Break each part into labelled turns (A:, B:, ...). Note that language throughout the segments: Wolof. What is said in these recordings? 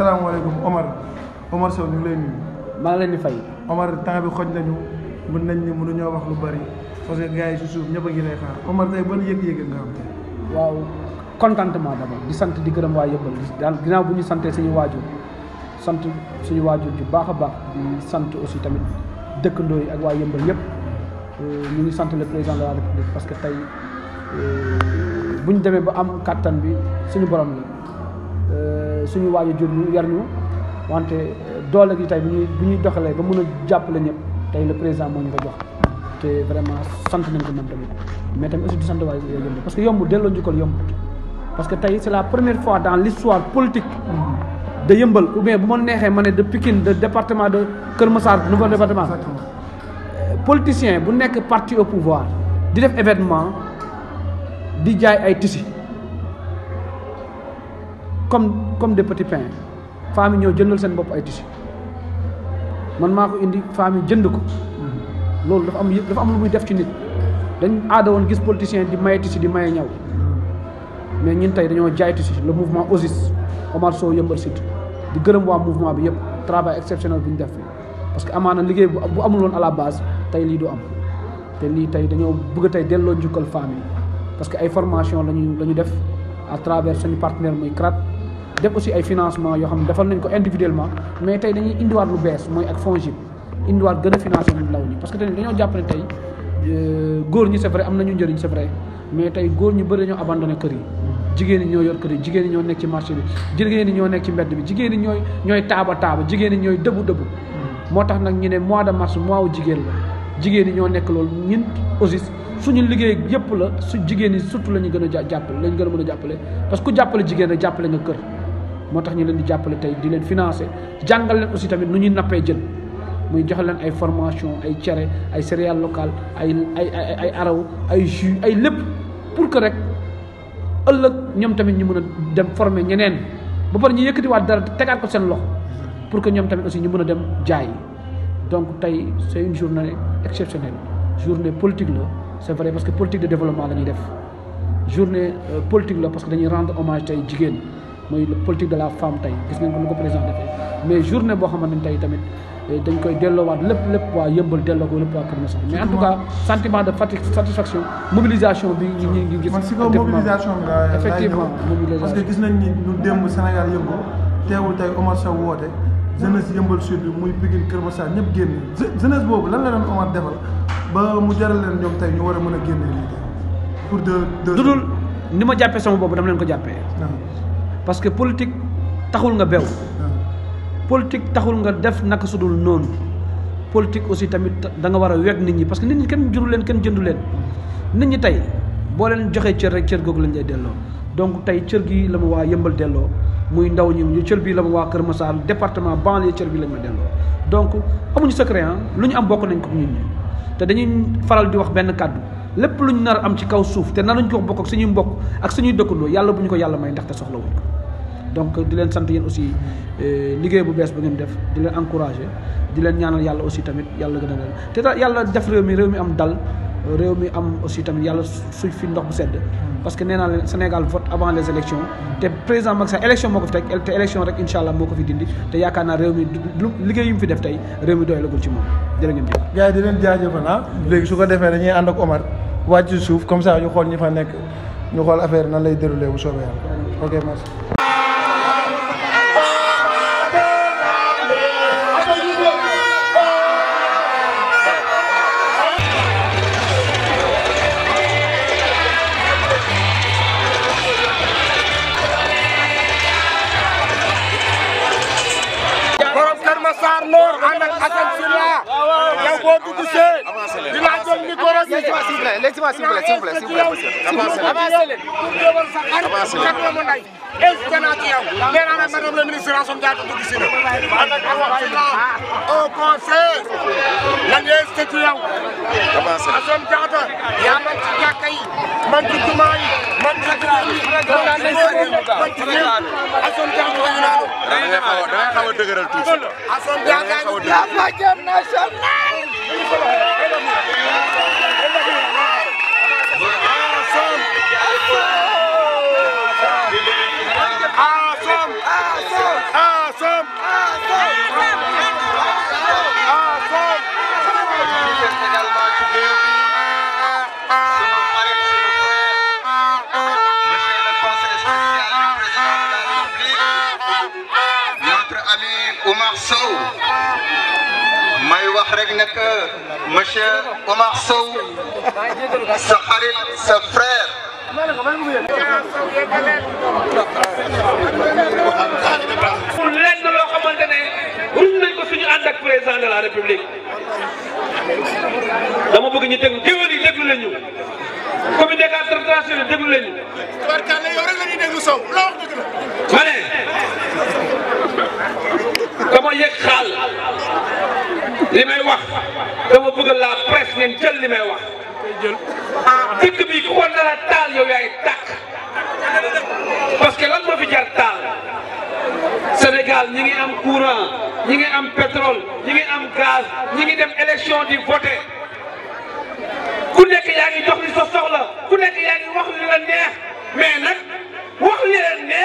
A: salaamaaleykum Omar Omar Sow ñu ngi lay nuyu. maa leen di fay. Omar temps bi xoj nañu mën nañ ni mënuñoo wax lu bari parce que gars yi si suuf ñëpp a ngi lay xaar Omar tey ban yëg-yëg nga am. waaw contentement d'abord di sant di gërëm waa yëppal daal ginnaaw bu ñu santee suñu waajur sant suñu waajur ju baax a baax sant aussi tamit dëkkandoo yi ak waa yëmbal yëpp euh, ñu ngi sant le président de la république parce que tey euh, bu demee ba am kàttan bi suñu borom la. Euh, suñu le président vraiment parce que c'est la première fois dans l'histoire politique de yëmbal ou bien de Pikine de département de Kër Massar nouveau département politicien bu nekk parti au pouvoir di def événement comme comme des petits pains fami ñoo jëndul seen bop ay tissu man mako indi fami jënd ko loolu dafa am dafa am lu muy def ci nit dañ aada won gis politicien di maye tissu di maye ñaw mais ñun tay dañoo jaay tissu le mouvement osis Omar so yëmbal sit di gëreum wa mouvement bi yëpp travail exceptionnel bi ñu def parce que amana liggéey bu amul won à la base tay li du am té li tay dañoo bëgg tay delloo jukal fami parce que ay formation lañu lañu def à travers suñu partenaire muy CRAT def aussi ay financement yoo xam ne defal nañ ko individuellement mais tey dañuy indiwaat lu bees mooy ak FONGIP indiwaat gën a financé ñu ndaw ñi parce que tey dañoo jàpp ne tey euh, góor ñi c'est am nañu njëriñ c'est vrai mais tey góor ñi bëri dañoo abandonné kër yi jigéen ñi ñoo yor kër yi jigéen ñoo nekk ci marché bi jigéen ñoo nekk ci mbedd jigéen ñi ñooy ñooy taaba taaba jigéen ñi ñooy dëbu dëbu moo tax nag ñu ne mois de mars mois wu jigéen la jigéen ñi ñoo nekk loolu ñun aussi suñu liggéey yëpp la su jigéen ñi surtout la ñu gën a jàppale la ñu gën a jàppale parce que jàppale jigéen rek jàppale nga kër moo tax ñu leen di jàppale tey di leen financer jàngal leen aussi tamit nu ñuy nappee jën muy jox leen ay formation ay cere ay céréales locale ay ay ay araw ay jus ay lépp pour que rek ëllëg ñoom tamit ñu mën a dem former ñeneen ba pare ñu yëkkatiwaat dara tegaat ko seen loxo pour que ñoom tamit aussi ñu mën a dem jaay donc tey c'est une journée exceptionnelle journée politique la c'est vrai parce que politique de développement la def journée euh, politique la parce que rendre hommage tey jigéen. mooy politique de la femme tey gis nañ ko nu ko président defee mais journée boo xamante ne tey tamit eh, dañ koy delloowaat lépp lépp waa yëmbal delloo ko lépp waa Kër Masar mais en tout cas sentiment de fati satisfaction mobilisation bi ñu ngi gis. man si kaw mobilisation nga effectivement
B: parce que gis nañ ni ñu démb Sénégal yëngu teewul tey Omar Sow woote. jeunesse yëmbal sud bi muy Pikine Kër Masar ñëpp génn jeunesse boobu lan la doon
A: Omar defal ba mu jaral ñu war a mën a génn pour de de. dudul ni ma jàppee sama boobu dama leen ko jàppee. Ah. parce que politique taxul nga bew politique taxul nga def nak sudul non, politique aussi tamit da nga wara a nit ñi parce que nit ñi kenn juru leen kenn jëndu leen nit ñi tay bo leen joxe cër rek cër gogul lañ lay delloo donc tay cër gi lama wa waa yëmbal delloo muy ndaw ñi ñu cër bi lama wa Kër Massar département banlieue cër bi lañ ma donc amuñu secret hein ah, luñu am bokk nañ ko ñun ñi te dañuy faral di wax benn cadeau lepp luñu nar am ci kaw suuf te naruñ ko bokk ak suñu mbokk ak suñu dekkulo yalla bu ko yalla may ta soxla wuñ ko donc di leen sant yéen aussi euh, liggéey bu bees ba ngeen def di leen encouragé di leen ñaanal yàlla aussi tamit yàlla gën a leen def réew mi réew mi am dal réew mi am aussi tamit yàlla suñ fi ndox bu sedd parce que nee naa leen Sénégal vote avant les élections te président Macky Sall élection moo ko fi teg te élection rek incha allah moo ko fi dindi te yaakaar naa réew mi liggéey yu mu fi def tey réew mi doyalagul ci moom jërë ngeen jëf. gars yi di leen jaajëfal ah léegi su ko defee dañuy ànd ak Omar wàcc suuf comme ça xool ñi fa nekk ñu xool affaire nan lay déroulé bu soobee yàlla
B: Avancez, s'il vous plaît, s'il vous plaît, s'il vous plaît, monsieur. Avancez leen. Avancez leen. Avancez leen. invité naa ci yow nee naa nag madame la ministre Assome Diatta dugg si na ànd ak président au conseil lan ngeen ci yow Assome Diatta yaa man ci jàkka yi man ci juma yi man ci jumaa yi man ci réew Assome Diatta yaa naa da ngay xaw a dëgëral tuuti Assome Diatta yaa naa Oumar Sow may wax rek ne que monsieur Oumar Sow sa xarit sa frère. pour lenn loo xamante ne ruñ nañ ko suñu ànd ak président de la république dama bëgg ñu déglu géwél yi déglu leen ñu comité de la déglu leen ñu. barkaale yow rek la ñuy déglu Sow. li may wax dama bëgg la presse ngeen jël li may wax ah. Ah, dëkk bi ku ko nar taal yow yaay tàkk parce que lan moo fi taal Sénégal ñi ngi am courant ñi ngi am pétrole ñi ngi am gaz ñi ngi dem élection di voter ku nekk yaa ngi jox li sa soxla ku nekk yaa ngi wax li la neex mais nag wax li la neex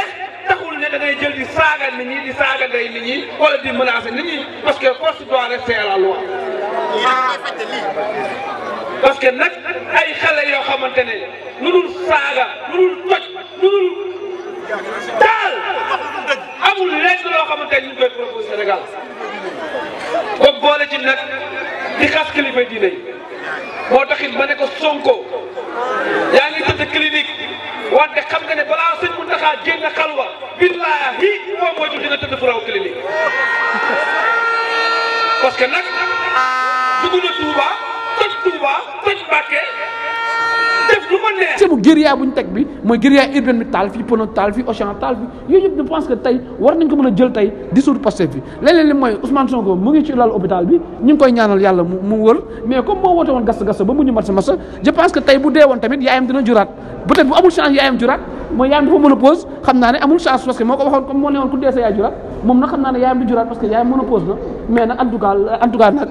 B: saaga nit ñi di saaga day nit ñi wala di menacer nit ñi parce que force doit rester à la loi. parce que nag ay xale yoo xamante ne lu dul saaga lu dul toj lu dul taal amul lenn loo xamante ne ñu koy proposé Sénégal ba boole ci nag di xas kilifa diine yi moo taxit ma ne ko Sonko yaa ngi tëdd clinique wante xam nga ne balaa sëñ Mountakha génn xalwa a tëdd fu raw clinique parce que
A: bu ñu teg bi mooy guérilla urbaine bi taal fii Pono taal fii Auchan taal fii yooyu yëpp pense que tey war nañ ko mën a jël tey dissoudre Pastef bi leneen li mooy Ousmane Sonko mu ngi ci lal hôpital bi ñu koy ñaanal yàlla mu mu mais comme moo woote woon gas-gas ba mu ñu mat sa masa je pense que tey bu dee woon tamit yaayam dina juraat peut-être bu amul chance yaayam juraat. mooy yaam dafa ménopause xam naa ne amul chance parce que moko waxone comme mo ne ku dee sa yaay juraat moom xam naa ne yaam du juraat parce que yaayam ménopause na mais nak en tout cas en tout cas nak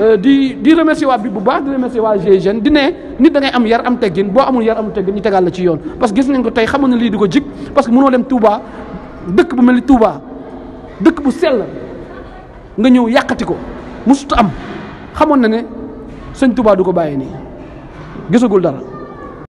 A: euh, di di remercier wa bi bu baax di remercier waa jeune di ne nit da ngay am yar am teggin bo amul yar am teggin ñu tegal la ci yoon parce que gis nañ ko tay xamoon na lii di ko parce que mënoo dem Touba dëkk bu melni Touba dëkk bu sel nga ñew yakati ko musutu am xamone na ne sëñ Touba du ko bàyyi nii gisagul dara